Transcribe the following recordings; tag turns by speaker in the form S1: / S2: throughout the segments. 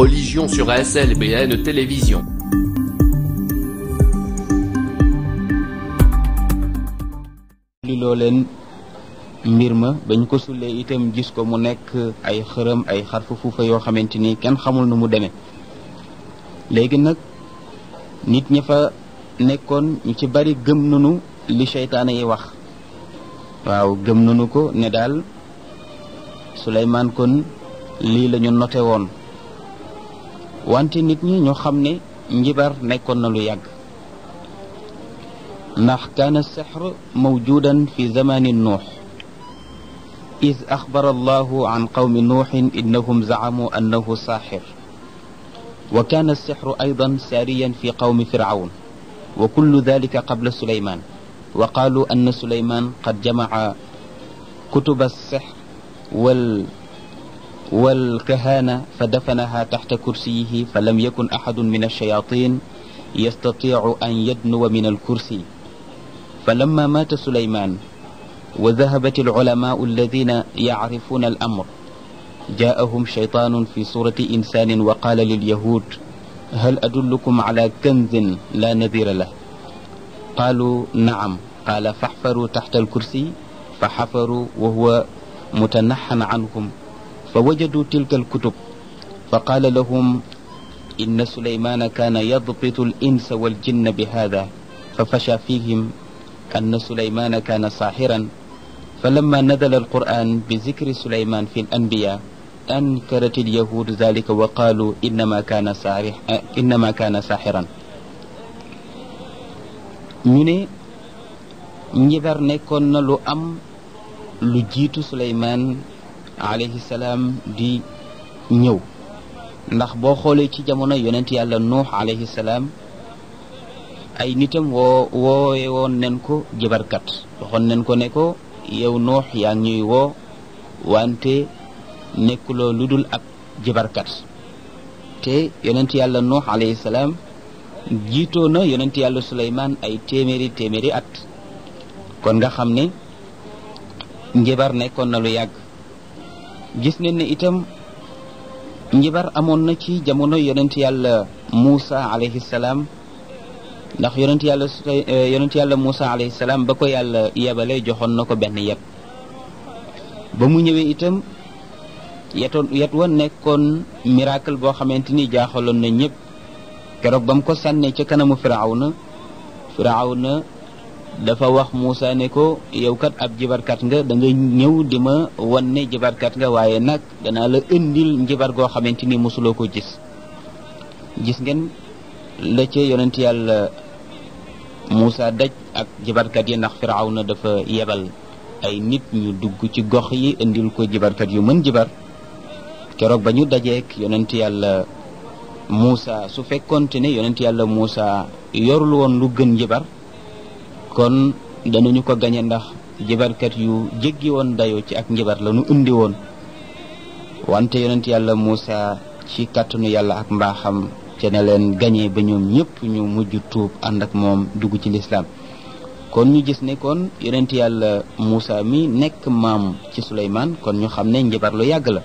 S1: religion sur ASLBN Télévision. liloo leen mbir ma ko sullee itam gis ko mu nekk ay xërëm ay xarfu fuufa yoo xamante ni kenn xamul nu mu demee léegi nag nit ña fa nekkoon ñu ci bari gëm nanu li seytaane yi wax waaw gëm nanu ko ne daal Souleymane kon lii la ñu noté woon wante nit ñi ñu xam ne njibar nekkoon na lu yàgg ndax kaana sixr mawjudan fi zamani nuux إذ أخبر الله عن قوم نوح إنهم زعموا أنه ساحر وكان السحر أيضا ساريا في قوم فرعون وكل ذلك قبل سليمان وقالوا أن سليمان قد جمع كتب السحر وال والكهانة فدفنها تحت كرسيه فلم يكن أحد من الشياطين يستطيع أن يدنو من الكرسي فلما مات سليمان وذهبت العلماء الذين يعرفون الأمر جاءهم شيطان في صورة إنسان وقال لليهود هل أدلكم على كنز لا نذير له قالوا نعم قال فاحفروا تحت الكرسي فحفروا وهو متنحن عنهم فوجدوا تلك الكتب فقال لهم إن سليمان كان يضبط الإنس والجن بهذا ففشى فيهم أن سليمان كان ساحرا فلما نزل القرآن بذكر سليمان في الأنبياء أنكرت اليهود ذلك وقالوا إنما كان ساحر إنما كان ساحرا ñu ne njibar nekkoon na lu am lu alayhi salaam di ñëw ndax boo xoolee ci jamono yonent yàlla nuux alayhi salaam ay nitam woo woowe woon nen ko jëbarkat waxoon ko ne yow nuux yaa ñuy woo wante nekkuloo lu dul ab jëbarkat te yonent yàlla nuux alayhi salaam jiitoo na yonent yàlla suleymaan ay téeméeri téeméeri at kon nga xam ni njëbar nekkoon na lu yàgg gis ngeen ne itam njibar amoon na ci jamono yonent yàlla Muusa alayhi salaam ndax yonent yàlla eh, yonent yàlla Muusa alayhi salaam ba ko yàlla yebale joxoon na ko benn yet ba mu ñëwee itam yetoon yet wa nekkoon miracle boo xamante ni jaaxaloon na ñëpp keroog ba mu ko sànnee ca kanamu Firawna Firawna dafa wax Moussa ne ko yowkat kat ab jibarkat nga da ñëw di ma wan ne jibarkat nga waaye nag danaa la indil njibar goo xamante ni mosuloo ko gis gis ngeen la ca yonent yàlla Moussa daj ak jibarkat yi ndax na dafa yebal ay nit ñu dugg ci gox yi indil ko jibarkat yu mën jibar keroog ba ñu dajeek yonent yàlla Moussa su fekkonte ne yonent yàlla Moussa yorul woon lu gën jibar kon danañu ko gañe ndax jibarkat yu jéggi woon dayoo ci ak njibar la indi woon wante yonent yàlla Muusa ci kàttanu yàlla ak mbaaxam ca ne leen gañe ba ñoom ñëpp ñu mujj tuub ànd ak moom dugg ci lislaam kon ñu gis ne kon yonent yàlla Muusa mi nekk maam ci Suleymaan kon ñu xam ne njibar lu yàgg la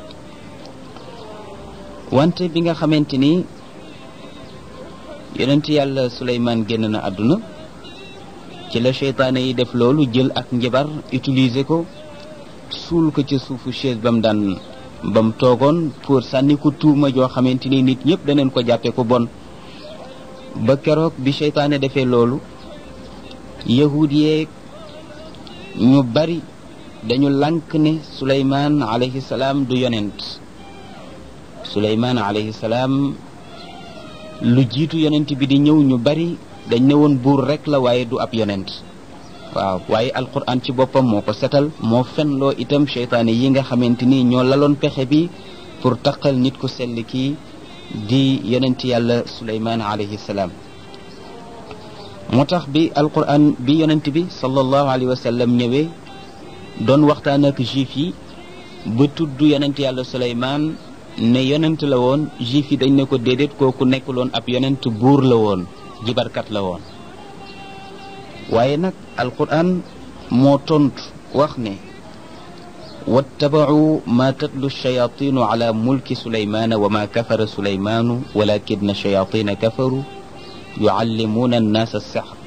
S1: wante bi nga xamante ni yonent yàlla Suleymaan génn na àdduna ci la seytaane yi def loolu jël ak njabar utiliser ko suul ko ca suufu chaise ba mu daan ba mu toogoon pour sànni ko tuuma joo xamante ni nit ñëpp daneen ko jàppee ko bon ba keroog bi seytaane defee loolu yahud yeeg ñu bari dañu lànk ne suleymaan alayhi salaam du yonent suleymaan alayhi lu jiitu yonent bi di ñëw ñu bari dañ ne woon buur rek la waaye du ab yonent waaw waaye alquran ci boppam moo ko setal moo fenloo itam seytaane yi nga xamante ni ñoo laloon pexe bi pour taqal nit ku sell kii di yonent yàlla suleymaan alayhi salaam moo tax bi alquran bi yonent bi sallallahu alayhi wa ñëwee doon waxtaanak ak juif yi ba tudd yonent yàlla suleymaan ne yonent la woon juif yi dañ ne ko déedéet kooku nekkuloon ab yonent buur la woon jibarkat la woon القرآن nag alquran واتبعوا ما تتلو الشياطين على ملك سليمان وما كفر سليمان ولكن الشياطين كفروا يعلمون الناس السحر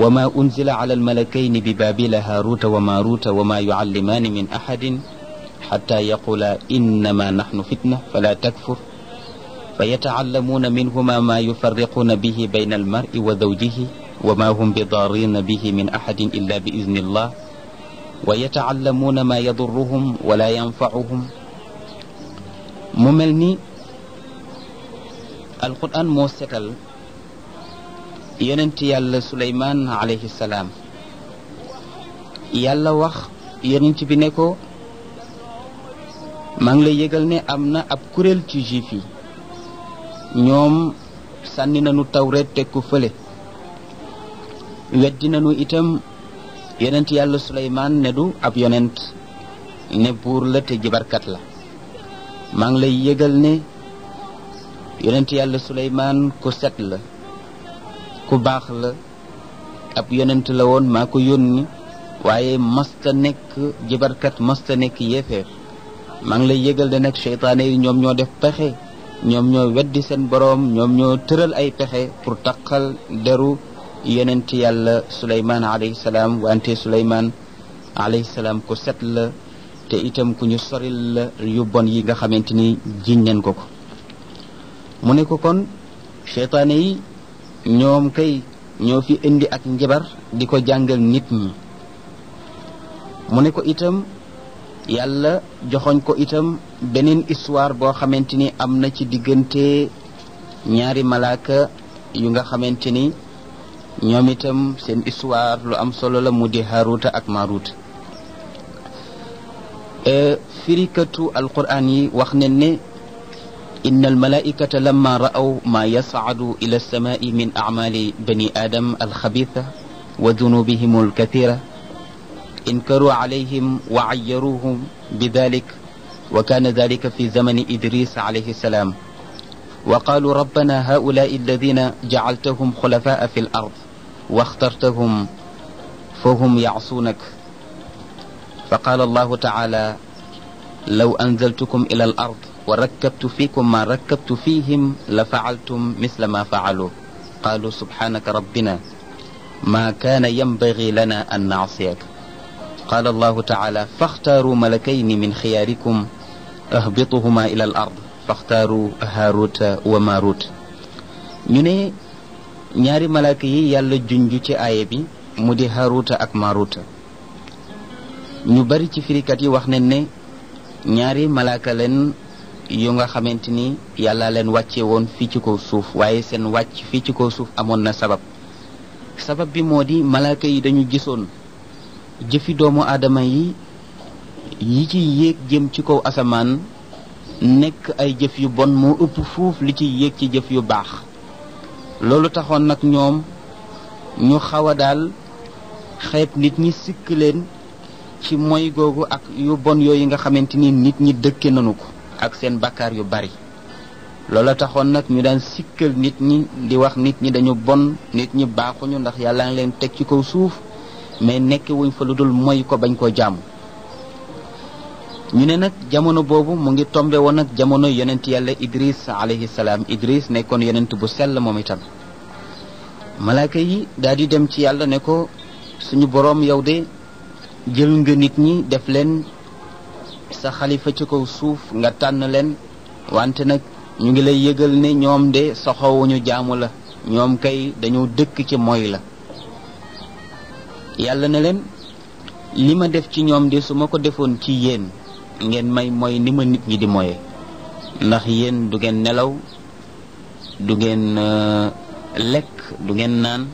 S1: وما أنزل على الملكين ببابل هاروت وماروت وما يعلمان من أحد حتى يقولا إنما نحن فتنة فلا تكفر fa yata'allamuuna minhumaa maa yufarriquuna bihi bayna almar'i wa zawjihi wa maa hum bi daarriina bihi min ahadin illaa bi izni illah wa yata'allamuuna maa yadurruhum wala yanfa'uhum mu mel ni alquran moo setal yonent yàlla suleymaan alayhi salaam yàlla wax yonent bi ne ko maa ngi lay yëgal ne am na ab kuréel ci juif yi ñoom sànni nañu tawreet teg ko fële weddi nañu itam yonent yàlla Suleymaan ne du ab yonent ne buur la te jibarkat la maa ngi lay yëgal ne yonent yàlla Suleymaan ku set la ku baax la ab yonent la woon maa ko yónni waaye masta nekk jibarkat masta nekk yéefeer maa ngi lay yëgal ne nag seytaane yi ñoom ñoo def pexe ñoom ñoo weddi seen boroom ñoom ñoo tëral ay pexe pour taqal deru yonent yàlla suleymaan alayhi salaam wante suleymaan alayhi salaam ko set la te itam ku ñu soril la yu bon yi nga xamante ni jiñ neen ko ko mu ne ko kon seytaane yi ñoom kay ñoo fi indi ak njabar di ko jàngal nit ñi mu ne ko itam yàlla joxoñ ko itam beneen histoire boo xamante ni am na ci diggante ñaari malaaka yu nga xamante ni ñoom itam seen histoire lu am solo la mu di haruta ak maruta firikatu alquran yi wax ne ne إن الملائكة لما رأوا ما يصعد إلى السماء من أعمال بني آدم الخبيثة وذنوبهم الكثيرة انكروا عليهم وعيروهم بذلك وكان ذلك في زمن إدريس عليه السلام وقالوا ربنا هؤلاء الذين جعلتهم خلفاء في الأرض واخترتهم فهم يعصونك فقال الله تعالى لو أنزلتكم إلى الأرض وركبت فيكم ما ركبت فيهم لفعلتم مثل ما فعلوا قالوا سبحانك ربنا ما كان ينبغي لنا أن نعصيك قال الله تعالى فاختاروا ملكين من خياركم tahbituhuma ila al ard faxtaaru haaruta wa maarut ñu ne ñaari malaaka yi yàlla junj ci aaya bi mu di haaruta ak maaruta ñu bari ci firikat yi wax nañ ne ñaari malaaka leen yu nga xamante ni yàlla leen wàcce woon fii ci ko suuf waaye seen wàcc fii ci kaw suuf amoon na sabab sabab bi moo di malaaka yi dañu gisoon jëfi doomu aadama yi yi ci yéeg jëm ci kaw asamaan nekk ay jëf yu bon moo ëpp fuuf li ci yéeg ci jëf yu baax loolu taxoon nag ñoom ñu xaw a daal xeeb nit ñi sikk leen ci moy googu ak yu bon yooyu nga xamante ni nit ñi dëkke nanu ko ak seen bakkaar yu bari loola taxoon nag ñu daan sikkal nit ñi di wax nit ñi dañu bon nit ñi baaxuñu ndax yàlla ngi leen teg ci kaw suuf mais nekk fa lu dul moy ko bañ koo jàmm ñu ne nag jamono boobu mu ngi tombe woon ak jamono yonent yàlla idris alayhi salaam idris nekkoon yeneen bu sell moom itam malaaka yi daal di dem ci yàlla ne ko suñu boroom yow de jël nga nit ñi def leen sa xalifa ci kaw suuf nga tànn leen wante nag ñu ngi lay yëgal ne ñoom de soxowuñu jaamu la ñoom kay dañu dëkk ci mooy la yàlla na leen li ma def ci ñoom de su ma ko defoon ci yéen ngeen may mooy ni ma nit ñi di mooyee ndax yéen du ngeen nelaw du ngeen euh, lekk du ngeen naan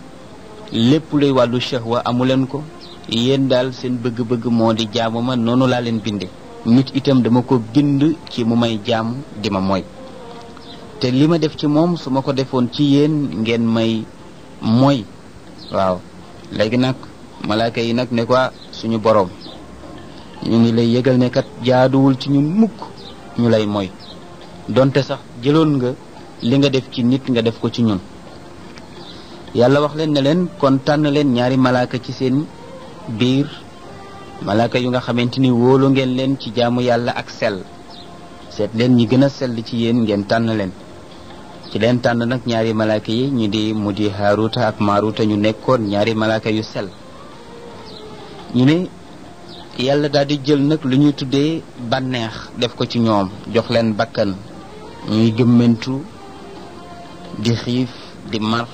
S1: lépp luy wàllu shahwa amu leen ko yéen daal seen bëgg-bëgg moo di jaamu ma noonu laa leen binde nit itam dama ko bind ci mu may jaamu di ma mooy te li ma def ci moom su ma ko defoon ci yéen ngeen may mooy waaw léegi nag malaaka yi nag ne ko ah, suñu boroom ñu ngi lay yëgal ne kat jaaduwul ci ñun mukk ñu lay moy donte sax jëloon nga li nga def ci nit nga def ko ci ñun yàlla wax leen ne leen kon tànn leen ñaari malaaka ci seen biir malaaka yu nga xamante ni woolu ngeen leen ci jaamu yàlla ak sell seet leen ñi gën a sell ci yéen ngeen tànn leen ci leen tànn nag ñaari malaaka yi ñu di mu di Haaruta ak Maaruta ñu nekkoon ñaari malaaka yu sell ñu ne yàlla daal di jël nag lu ñuy tuddee bànneex def ko ci ñoom jox leen bakkan ñuy gëmmentu di xiif di mar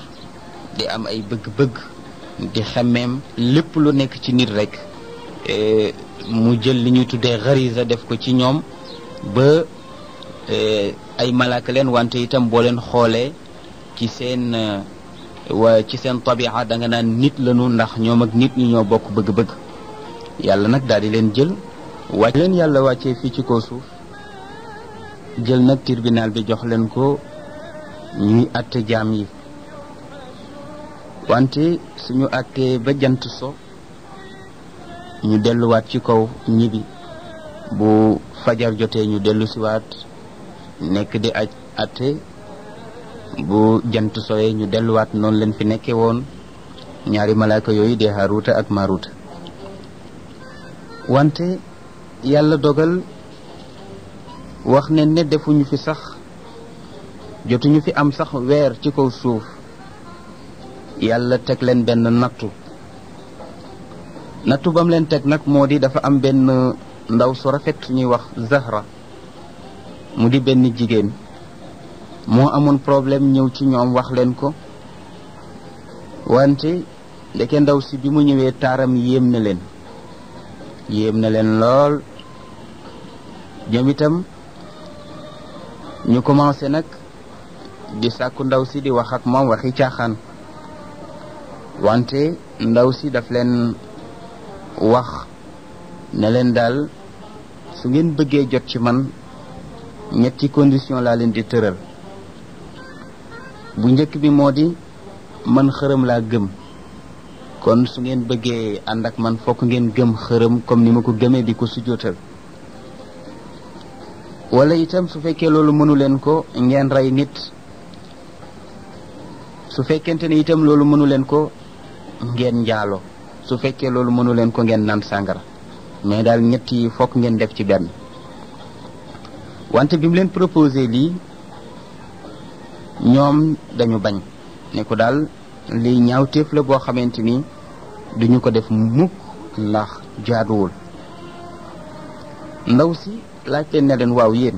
S1: di am ay bëgg-bëgg di xemmeem lépp lu nekk ci nit rek e, mu jël li ñuy tuddee xarisa def ko ci ñoom ba e, ay malaaka leen wante itam boo leen xoolee ci seen e, wa ci seen tabi'a da nga naan nit lañu ndax ñoom ak nit ñi ñoo bokk bëgg-bëgg yàlla nag daal di leen jël wàcc leen yàlla wàccee fii ci kaw suuf jël nag tribunal bi jox leen ko ñuy àtte jaam yi wante suñu àttee ba jant so ñu delluwaat ci kaw ñibi bu fajar jotee ñu dellu siwaat nekk di àtte bu jant soyee ñu delluwaat noonu leen fi nekkee woon ñaari malaaka yooyu dee Haaruuta ak Maaruuta wante yàlla dogal wax ne ne defuñu fi sax jotuñu fi am sax weer ci kaw suuf yàlla teg leen benn nattu nattu bam leen teg nag moo di dafa am benn ndaw su rafet ñuy wax Zahra mu di benn jigéen moo amoon problème ñëw ci ñoom wax leen ko wante ndeke ndaw si bi mu ñëwee taaram yéem ne leen yéem na leen lool ñoom itam ñu commencé nag di sàkku ndaw si di wax ak moom waxi caaxaan wante ndaw si daf leen wax ne leen daal su ngeen bëggee jot ci man ñetti condition laa leen di tëral bu njëkk bi moo di man xërëm laa gëm kon su ngeen bëggee ànd ak man fokk ngeen gëm xërëm comme ni ma ko gëmee di ko sujjóotal wala itam su fekkee loolu mënu leen ko ngeen rey nit su fekkente ni itam loolu mënu leen ko ngeen njaalo su fekkee loolu mënu leen ko ngeen naan sàngara mais daal ñetti yi fokk ngeen def ci benn wante bi mu leen proposé lii ñoom dañu bañ ne ko daal lii ñaawteef la boo xamante ni duñu ko def mukk ndax jaaduwul ndaw si laajte ne leen waaw yéen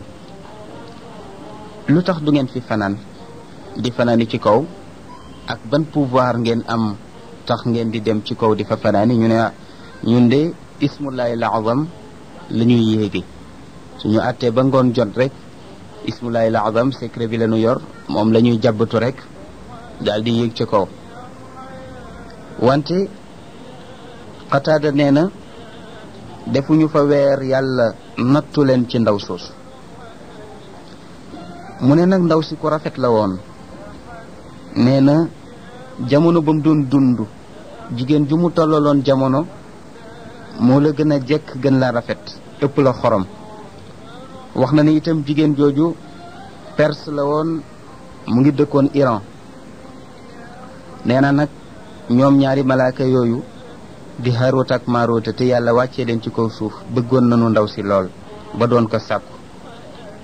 S1: lu tax du ngeen fi fanaan di fanaani ci kaw ak ban pouvoir ngeen am tax ngeen di dem ci kaw di fa fanaani ñu ne ñun de ismullahi laazam la ñuy yéegi suñu àttee ba ngoon jot rek ismullahi laazam secret bi la ñu yor moom la ñuy jàbbatu rek daal di yéeg ci kaw wante xataada nee na defuñu fa weer yàlla nattu leen ci ndaw soosu mu ne nag ndaw si ku rafet la woon nee na jamono ba mu doon dund jigéen ju mu tollaloon jamono moo la gën a jekk gën la rafet ëpp la xorom wax na ni itam jigéen jooju perse la woon mu ngi dëkkoon Iran nee na nag ñoom ñaari malaaka yooyu di Haaruut ak Maaruut te yàlla wàccee leen ci kaw suuf bëggoon nañu ndaw si lool ba doon ko sàkku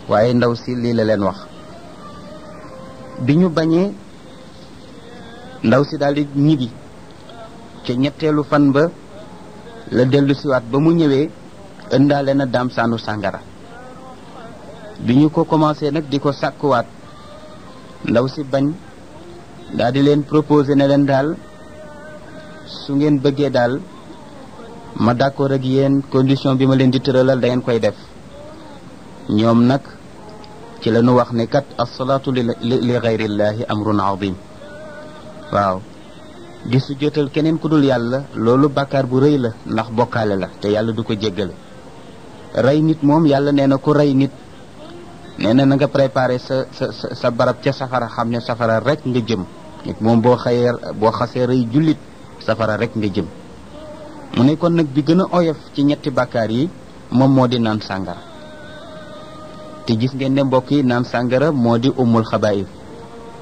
S1: waaye ndaw si lii la leen wax bi ñu bañee ndaw si daal di ñibbi ca ñetteelu fan ba la dellu siwaat ba mu ñëwee ëndaale na daam saanu sàngara bi ñu ko commencé nag di ko sàkkuwaat ndaw si bañ daal di leen proposé ne leen daal su ngeen bëggee daal ma d'accord ak yéen condition bi ma leen di tëralal da ngeen koy def ñoom nag ci la ñu wax ni kat asalaatu li li gayrillaahi amrun azim waaw di su keneen ku dul yàlla loolu bàkkaar bu rëy la ndax bokkaale la te yàlla du ko jéggale rey nit moom yàlla nee na ko rey nit nee na na nga préparé sa sa sa barab ca safara xam ne safara rek nga jëm nit moom boo xasee rey jullit safara rekk nga jëm mu ne kon nag bi gën a oyof ci ñetti bàkkaar yi moom moo di naan sàngara te gis ngeen ne mbokk yi naan sàngara moo di umul xabaayib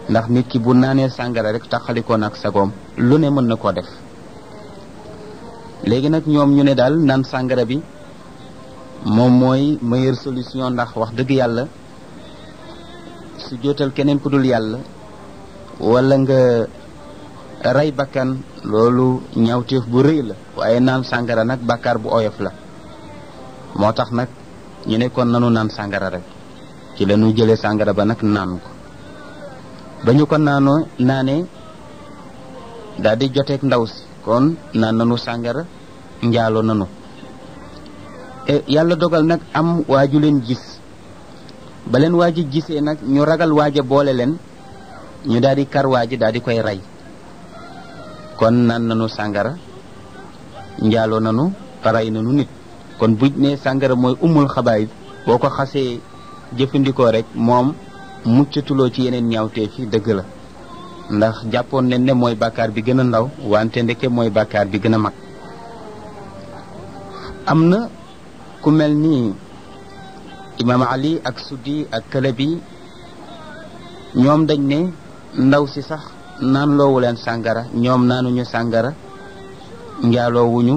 S1: ndax nit ki bu naanee sàngara rek taxalikoo na ak sagoom lu ne mën na koo def léegi nag ñoom ñu ne daal naan sàngara bi moom mooy meilleure solution ndax wax dëgg yàlla su jootal keneen ku yàlla wala nga rey bakkan loolu ñawteef bu rëy la waaye naan sàngara nag bàkkaar bu oyof la moo tax nag ñu ne kon nanu naan sàngara rek ci la ñu jëlee sàngara ba nag naan ko ba ñu ko naanoo naanee daal di joteeg ndaw si kon naan nanu sàngara njaaloo nanu e, yàlla dogal nag am waaju leen gis ba leen waaji gisee nag ñu ragal waaja boole leen ñu daal di kar waaji daal di koy rey kon naan nanu sàngara njaaloo nanu taray nanu nit kon buñ ne sàngara mooy umul xabaay boo ko xasee jëfandikoo rek moom muccatuloo ci yeneen ñaawteef ci dëgg la ndax jàppoon nañ ne mooy bàkkaar bi gën a ndaw wante ndeke mooy bàkkaar bi gën a mag am na ku mel ni imaam Ali ak Suddi ak Kalabi ñoom dañ ne ndaw si sax naan loowu leen sàngara ñoom naanuñu sàngara njaaloowuñu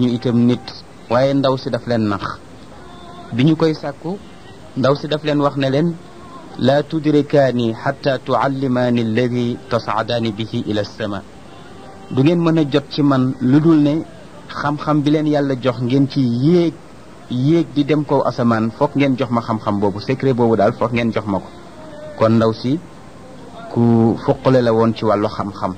S1: ñu itam nit waaye ndaw si daf leen nax bi ñu koy sàkku ndaw si daf leen wax ne leen laa tudrikaani xatta tuallimaani alladi tasaadaani bihi ila sama du ngeen mën a jot ci man lu dul ne xam-xam bi leen yàlla jox ngeen ci yéeg yéeg di dem kaw asamaan foog ngeen jox ma xam-xam boobu secret boobu daal foog ngeen jox ma ko kon ndaw si ku fuqale la woon ci wàllu xam-xam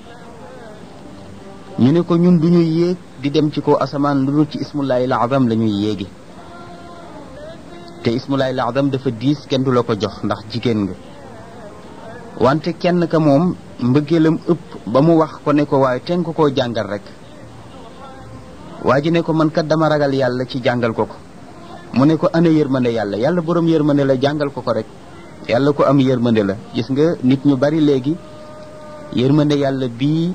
S1: ñu ne ko ñun du ñuy yéeg di dem ci ko asamaan lu dul ci ismullaahil azam la ñuy yéegi te ismullaahil azam dafa diis kenn du la ko jox ndax jigéen nga wante kenn ka moom mbëggeelam ëpp ba mu wax ko ne ko waaye ten ko jàngal rek waa ji ne ko man kat dama ragal yàlla ci jàngal ko ko mu ne ko ana yërmande yàlla yàlla borom yërmande la jàngal ko ko rek yàlla ko am yërmande la gis nga nit ñu bari léegi yërmande yàlla bii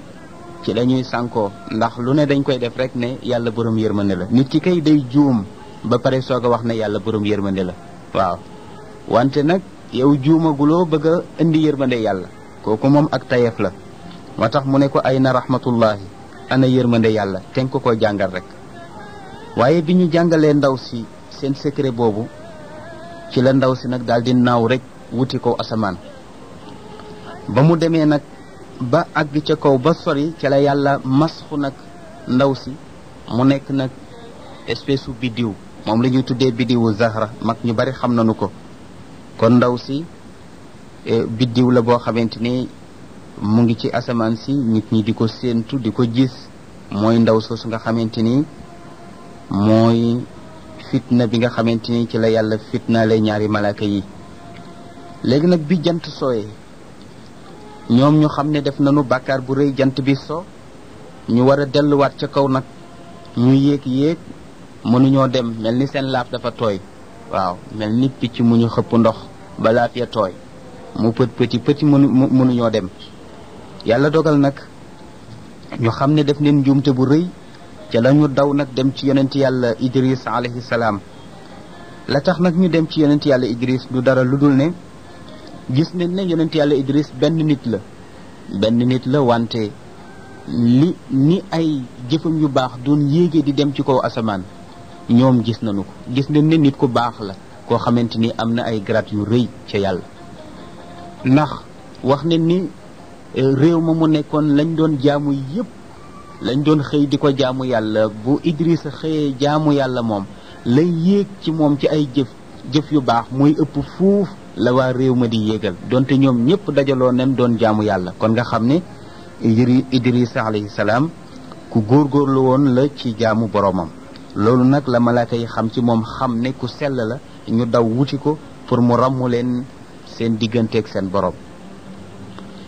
S1: ci lañuy ñuy sànkoo ndax lu ne dañ koy def rek ne yàlla borom yërmande la nit ki kay day juum ba pare soog a wax ne yàlla borom yërmande la waaw wante nag yow juumaguloo bëgg a indi yërmande yàlla kooku moom ak tayef la moo tax mu ne ko ay na rahmatullahi ana yërmande yàlla te ko ko jàngal rek waaye bi ñu jàngalee ndaw si seen secret boobu ci la ndaw si nag daal naaw rek wuti ko asamaan ba mu demee nag ba àgg ca kaw ba sori ca la yàlla masxu nag ndaw si mu nekk nag espèce u biddiw moom la tuddee biddiwu zahra mag ñu bari xam nañu ko kon ndaw si e, biddiw la boo xamante ni mu ngi ci asamaan si nit ñi di ko séentu di ko gis mooy ndaw soosu nga xamante ni mooy fitna bi nga xamante ni ci la yàlla fitnaale ñaari malaaka yi léegi nag bi jant sooyee ñoom ñu xam ne def nañu bàkkaar bu rëy jant bi so ñu war a delluwaat ca kaw nag ñu yéeg yéeg mënuñoo dem mel ni seen laaf dafa tooy waaw mel ni picc mu ñu xëpp ndox ba laaf tooy mu pët pëti pëti mënuñoo dem yàlla dogal nag ñu xam ne def neen njuumte bu rëy ca la ñu daw nag dem ci yonent yàlla Idris alayhi salaam la tax nag ñu dem ci yonent yàlla Idris du dara lu dul ne gis nañ ne yonent yàlla Idris benn nit la benn nit la wante li ni ay jëfam yu baax doon yéegee di dem ci kaw asamaan ñoom gis nañu ko gis nañ ne nit ku baax la koo xamante ni am na ay grade yu rëy ca yàlla ndax wax nañ ni eh, réew ma mu nekkoon lañ doon jaamu yépp lañ doon xëy di ko jaamu yàlla bu Idris xëyee jaamu yàlla moom lay yéeg ci moom ci ay jëf jëf yu baax mooy ëpp fuuf la waa réew ma di yéegal donte ñoom ñëpp dajaloo nen doon jaamu yàlla kon nga xam ni ne Idrissa alayhi salaam ku góorgóorlu woon la ci jaamu boroomam loolu nag la malaaka yi xam ci moom xam ne ku sell la ñu daw wuti ko pour mu ràmmu leen seen digganteeg seen boroom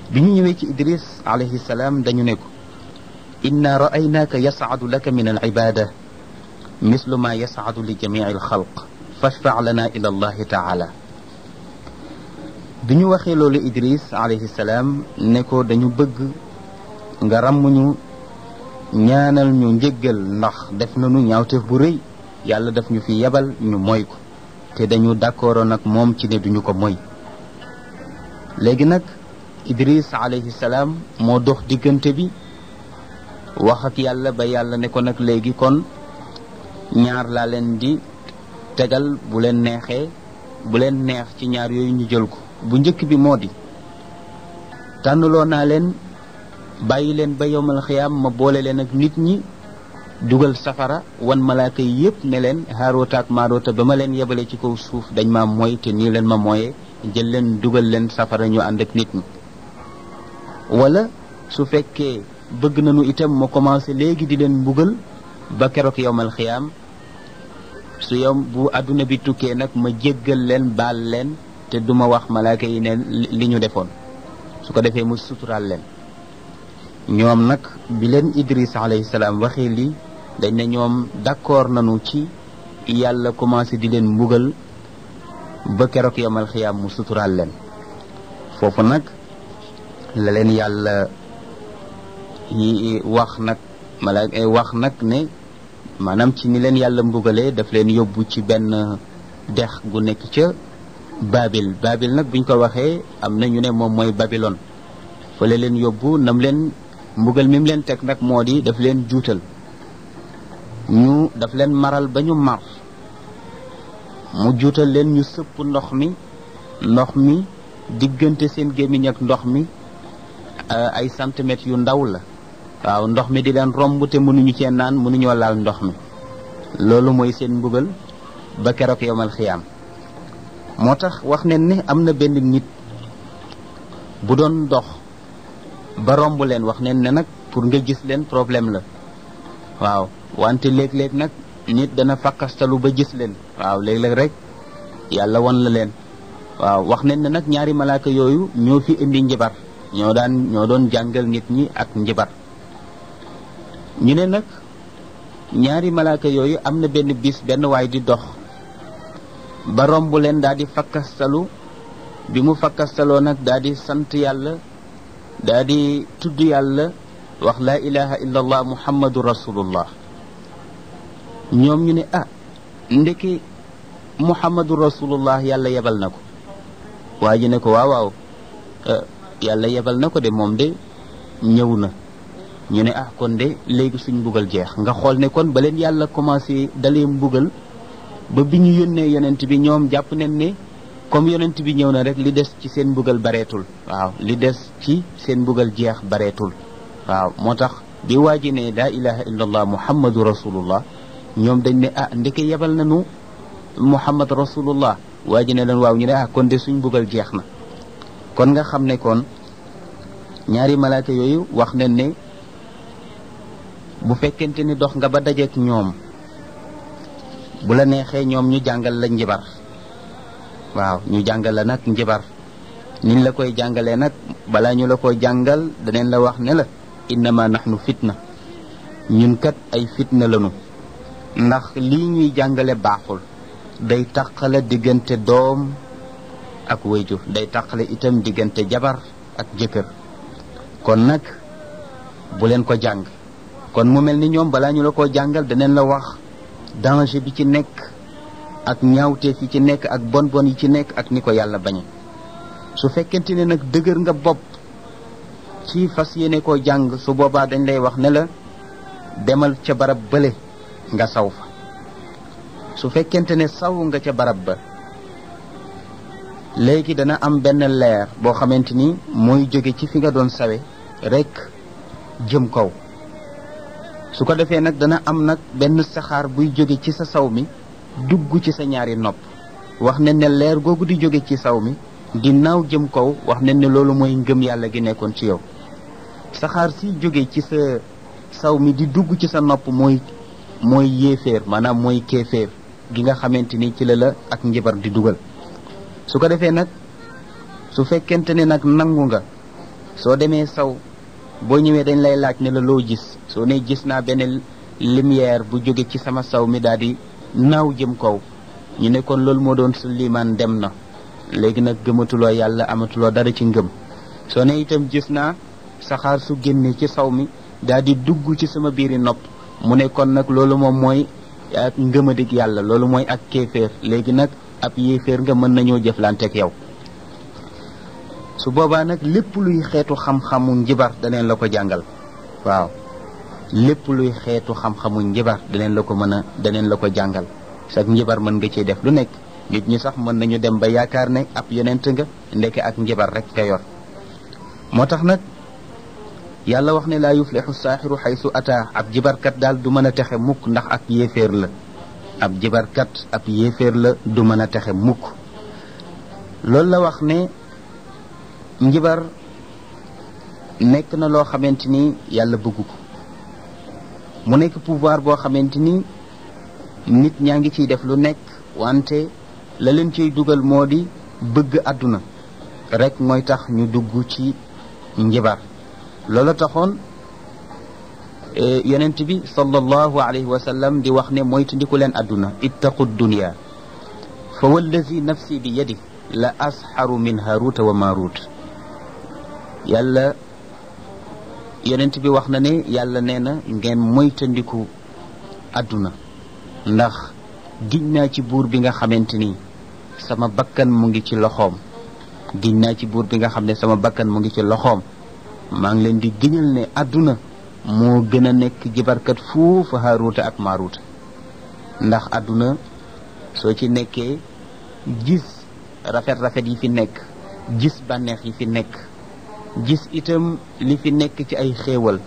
S1: bi ñu ñëwee ci Idris alayhi salaam dañu ne ko inna ra'aynaaka yas'adu laka min al ibada mislu ma yas'adu li jami'i al xalq fashfa' lana ila allahi taala bi ñu waxee loolu Idris alayhi salaam ne ko dañu bëgg nga ràmm ñu ñaanal ñu njëggal ndax def nañu ñaawteef bu rëy yàlla daf ñu fi yabal ñu mooy ko te dañu d'accord nag moom ci ne duñu ko moy léegi nag Idris alayhi salaam moo dox diggante bi wax ak yàlla ba yàlla ne ko nag léegi kon ñaar laa leen di tegal bu leen neexee bu leen neex ci ñaar yooyu ñu jël ko bu njëkk bi moo di tànnloo naa leen bàyyi leen ba yowmal xiyaam ma boole leen ak nit ñi dugal safara wan malaaka yi yépp ne leen Haaroota ak Maaroota ba ma leen yebale ci kaw suuf dañ ma mooy te nii leen ma mooyee jël leen dugal leen safara ñu ànd ak nit ñi wala su fekkee bëgg nañu itam ma commencé léegi di leen mbugal ba keroog yowmal xiyaam su yom bu àdduna bi tukkee nag ma jéggal leen baal leen te duma wax malaaka yi ne li ñu defoon su ko defee mu suturaal leen ñoom nag bi leen Idris alayhi salaam waxee lii dañ ne ñoom d'accord nañu ci yàlla commencé di leen mbugal ba keroog yamal xiyaam mu suturaal leen foofu nag la leen yàlla yi wax nag malaaka wax nag ne maanaam ci ni leen yàlla mbugalee daf leen yóbbu ci benn dex gu nekk ca baabil baabil nag bi buñ ko waxee am na ñu ne moom mooy babilon fa la leen yóbbu nam leen mbugal mi mu leen teg nag moo di dafa leen juutal ñu daf leen maral ba ñu mar mu juutal leen ñu sëpp ndox mi ndox mi diggante seen gémmiñ ak ndox mi euh, ay centimètres yu ndaw la waaw ndox mi di leen romb te mënuñu cee naan mënuñoo laal ndox mi loolu mooy seen mbugal ba keroog yowmal xiyaam moo tax wax ne ni am na benn nit bu doon dox ba romb leen wax ne ne nag pour nga gis leen problème la waaw wante léeg-léeg nag nit dana fakkastalu ba gis leen waaw léeg-léeg rek yàlla won la leen waaw wax ne ne nag ñaari malaaka yooyu ñoo fi indi njabar ñoo daan ñoo doon jàngal nit ñi ak njibar ñu ne nag ñaari malaaka yooyu am na benn bis benn waay di dox barom bu leen daal di fakkastalu bi mu fakkastaloo nag daal di sant yàlla daal di tudd yàlla wax laa ilaha illa allah muhammadu rasulullah ñoom ñu ne ah ndeki muhammadu rasulullah yàlla yebal na ko waa ji ne ko waaw waaw eh, yàlla yebal na ko de moom de ñëw na ñu ne ah kon de léegi suñ mbugal jeex nga xool ne kon ba leen yàlla commencé dalee mbugal ba bi ñu yónnee yonent bi ñoom jàpp nañ ni comme yonent bi ñëw na rek li des ci seen mbugal bareetul waaw li des ci seen mbugal jeex bareetul waaw moo tax bi waa ji ne laa ilaha illallah muhammadu rasulullah ñoom dañ ne ah ndeke yebal nañu muhammad rasulullah waa ji ne leen waaw ñu ne ah kon de suñ mbugal jeex na kon nga xam ne kon ñaari malaaka yooyu wax nañ ni bu fekkente ni dox nga ba dajeek ñoom bu la neexee ñoom ñu jàngal la njibar waaw ñu jàngal la nag njibar niñ la koy jàngalee nag bala ñu la koy jàngal daneen la wax ne la innama nahnu fitna ñun kat ay fitna lanu ndax lii ñuy jàngale baaxul day taqale diggante doom ak wayjur day taqale itam diggante jabar ak jëkkër kon nag bu leen ko jàng kon mu mel ni ñoom balaa ñu la ko jàngal daneen la wax danger bi ci nekk ak ñaawteef yi ci nekk ak bon bon yi ci nekk ak ni ko yàlla bañe su fekkente ne nag dëgër nga bopp ci fas yéene koo jàng su boobaa dañ lay wax ne la demal ca barab bale nga saw fa su fekkente ne saw nga ca barab ba léegi dana am benn leer boo xamante ni mooy jóge ci fi nga doon sawe rekk jëm kow su ko defee nag dana am nag benn saxaar buy jóge ci sa saw mi dugg ci sa ñaari nopp wax ne ne leer googu di jóge ci saw mi di naaw jëm kaw wax ne ne loolu mooy ngëm yàlla gi nekkoon ci yow saxaar si jóge ci sa saw mi di dugg ci sa nopp mooy mooy yéeféer maanaam mooy kéeféer gi nga xamante ni ci la la ak njibar di dugal su ko defee nag su fekkente ne nag nangu nga soo demee saw boo ñëwee dañ lay laaj ne la loo gis soo ne gis naa benn lumière bu jóge ci sama saw mi daal naaw jëm kaw ñu ne kon loolu moo doon Suleymaan dem na léegi nag gëmatuloo yàlla amatuloo dara ci ngëm soo ne itam gis naa saxaar su génne ci saw mi daal di dugg ci sama biir i nopp mu ne kon nag loolu moom mooy ak ngëmadik yàlla loolu mooy ak kéeféer léegi nag ab yéeféer nga mën nañoo jëflanteek yow su boobaa nag lépp luy xeetu xam-xamu njibar daneen la ko jàngal waaw lépp luy xeetu xam-xamu njibar daneen la ko mën a daneen la ko jàngal sax njibar mën nga ciy def lu nekk nit ñi sax mën nañu dem ba yaakaar ne ab yonent nga ndeke ak njibar rek nga yor moo tax nag yàlla wax ne laa yuflixu saaxiru xaysu ata ab jibarkat daal du mën a texe mukk ndax ak yéeféer la ab jibarkat ab yéeféer la du mën a texe mukk loolu la wax ne njibar nekk na loo xamante ni yàlla bëgg ko mu nekk pouvoir boo xamante ni nit ñaa ngi ciy def lu nekk wante la leen ciy dugal moo di bëgg àdduna rekk mooy tax ñu dugg ci njibar loola taxoon e, yonent bi sallallahu alayhi wa sallam di wax ne moytandiku leen àdduna ittaqu dunya fa wallazi nafsi bi yadi la asxaru min haruta wa marut yàlla yeneent bi wax na ne yàlla nee na ngeen moytandiku àdduna ndax giñ naa ci buur bi nga xamante ni sama bakkan mu ngi ci loxoom giñ naa ci buur bi nga xam ne sama bakkan mu ngi ci loxoom maa ngi leen di giñal ne àdduna moo gën a nekk jibarkat fuufa haaruuta ak maaruuta ndax àdduna soo ci nekkee gis rafet rafet yi fi nekk gis bànneex yi fi nekk gis itam li fi nekk ci ay xéewal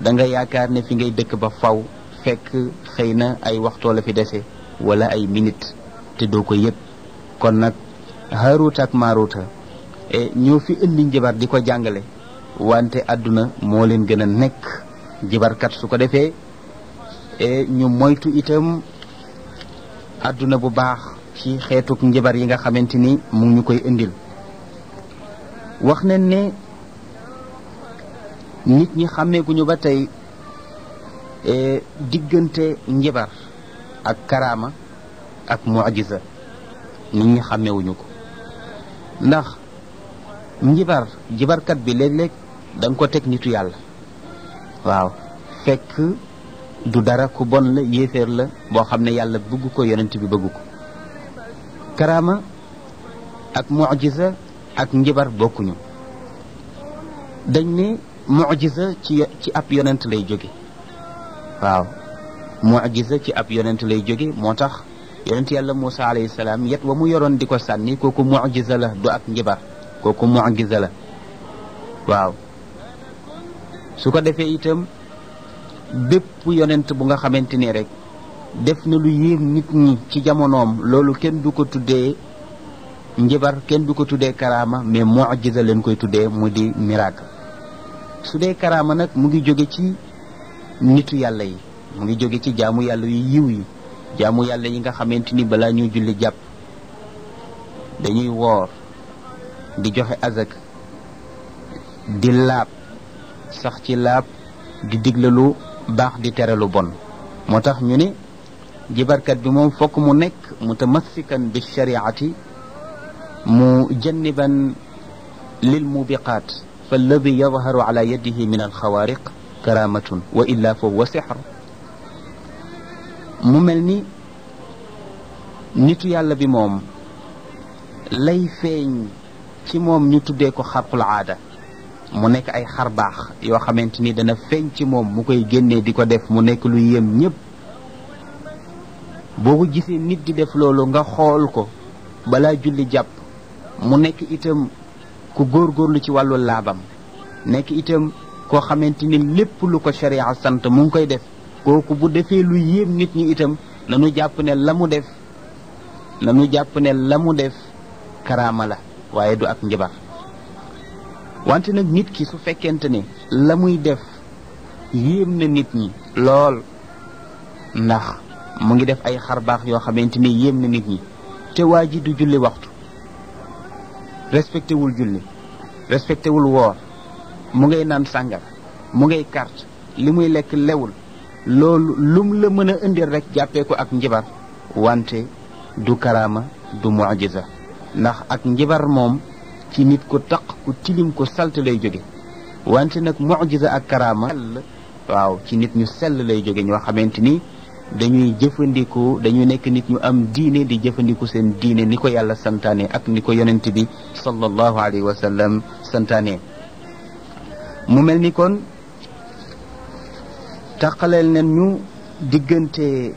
S1: da nga yaakaar ne fi ngay dëkk ba faw fekk xëy na ay waxtoo la fi dese wala ay minute te doo ko yëg kon nag Haaruuta ak Maaruuta e, ñoo fi indi njabar di ko jàngale wante àdduna moo leen gën a nekk jibarkat su ko defee e, ñu moytu itam àdduna bu baax ci xeetuk njabar yi nga xamante ni mu ñu koy indil wax nañ ne nit ñi xàmmeeguñu ba tey e, diggante njibar ak karaama ak mujiza nit ñi xàmmeewuñu ko ndax njibar jibarkat bi léeg-léeg da ko teg nitu yàlla waaw fekk du dara ku bon la yéeféer la boo xam ne yàlla bëgg ko yonent bi bëgg ko karaama ak mujiza ak njibar bokkuñu dañ ne mucjisa ci ci ab yonent lay jóge waaw mucjisa ci ab yonent lay jóge moo tax yonent yàlla Moussa alayhi salaam yet wa mu yoroon di ko sànni kooku mucjisa la du ak njibar kooku mucjisa la waaw su ko defee itam bépp yonent bu nga xamante ni rek def na lu yéem nit ñi ci jamonoom loolu kenn du ko tuddee njibar kenn du ko tuddee karaama mais mucjisa leen koy tuddee mu di miracle su dee karaama nag mu ngi jóge ci nitu yàlla yi mu ngi jóge ci jaamu yàlla yi yiw yi jaamu yàlla yi nga xamante ni balaa ñuy julli jàpp dañuy woor di joxe azak di laab sax ci laab di diglalu baax di tere lu bon moo tax ñu ne jibarkat bi moom fokk mu nekk mutamassikan bi shariati mu jën janniban lil mubiqaat فالذي يظهر على يده من الخوارق كرامة وإلا فهو سحر mu mel ni nitu yàlla bi moom lay feeñ ci moom ñu tuddee ko xarqul aada mu nekk ay xar baax yoo xamante ni dana feeñ ci moom mu koy génnee di ko def mu nekk lu yem ñépp boo ko gisee nit di def loolu nga xool ko balaa julli jàpp mu nekk itam ku góorgóorlu ci wàllu laabam nekk itam koo xamante ni lépp lu ko sharia sant mu ngi koy def kooku bu defee lu yéem nit ñi itam nanu jàpp ne la mu def nanu jàpp ne la mu def karaama la waaye du ak njabar wante nag nit ki su fekkente ne la muy def yéem na nit ñi lool ndax mu ngi def ay xarbaax yoo xamante ni yéem na nit ñi te waa ji du julli waxtu respecté wul julli respecté wul woor mu ngay naan sàngara mu ngay carte li muy lekk lewul loolu lum la mën a indil rek jàppee ko ak njibar wante du karaama du mujiza ndax ak njibar moom ci nit ku taq ku tilim ko salt lay jóge wante nag mujiza ak karaama waaw ci nit ñu sell lay jóge ñoo xamante ni dañuy jëfandiku dañuy nekk nit ñu am diine di jëfandiku seen diine ni ko yàlla santaane ak ni ko yonent bi sallallahu alayhi wa sallam santaane mu mel ni kon taqaleel nañ ñu diggante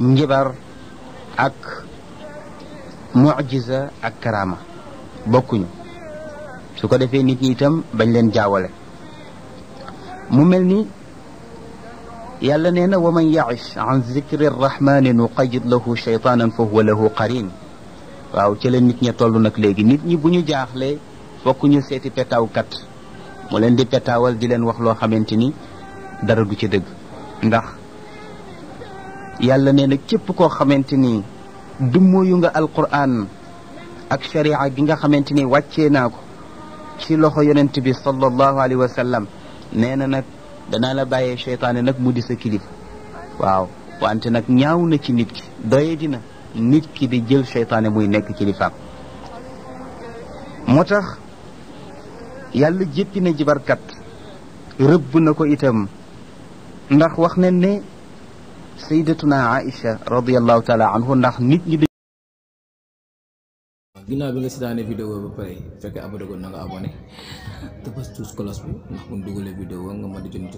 S1: njibar ak mujiza ak karaama bokkuñu su ko defee nit ñi itam bañ leen jaawale mu mel ni yàlla nee na wa man yaish an zikri rahmani nuqayid lahu shaytanan fa huwa lahu qarin waaw ci la nit ña toll nag léegi nit ñi bu ñu jaaxlee fokk seeti petaawkat mu leen di petaawal di leen wax loo xamante ni dara du ca dëgg ndax yàlla nee na képp koo xamante ni dummóoyu nga alquran ak sharia gi nga xamante ni wàccee naa ko ci loxo yonent bi sallallahu alayhi wa sallam nee na nag danaa la bàyyee seytaane nag mu di sa kilif waaw wante nag ñaaw na ci nit ki doye dina nit ki di jël seytaane muy nekk kilifaam moo tax yàlla jéppi na jibarkat rëbb na ko itam ndax wax nañ ne sayyidatuna Aïcha radiyallahu taala anhu ndax nit ñi bi nga seetaanee bi ndax mun dugalee vidéo nga mën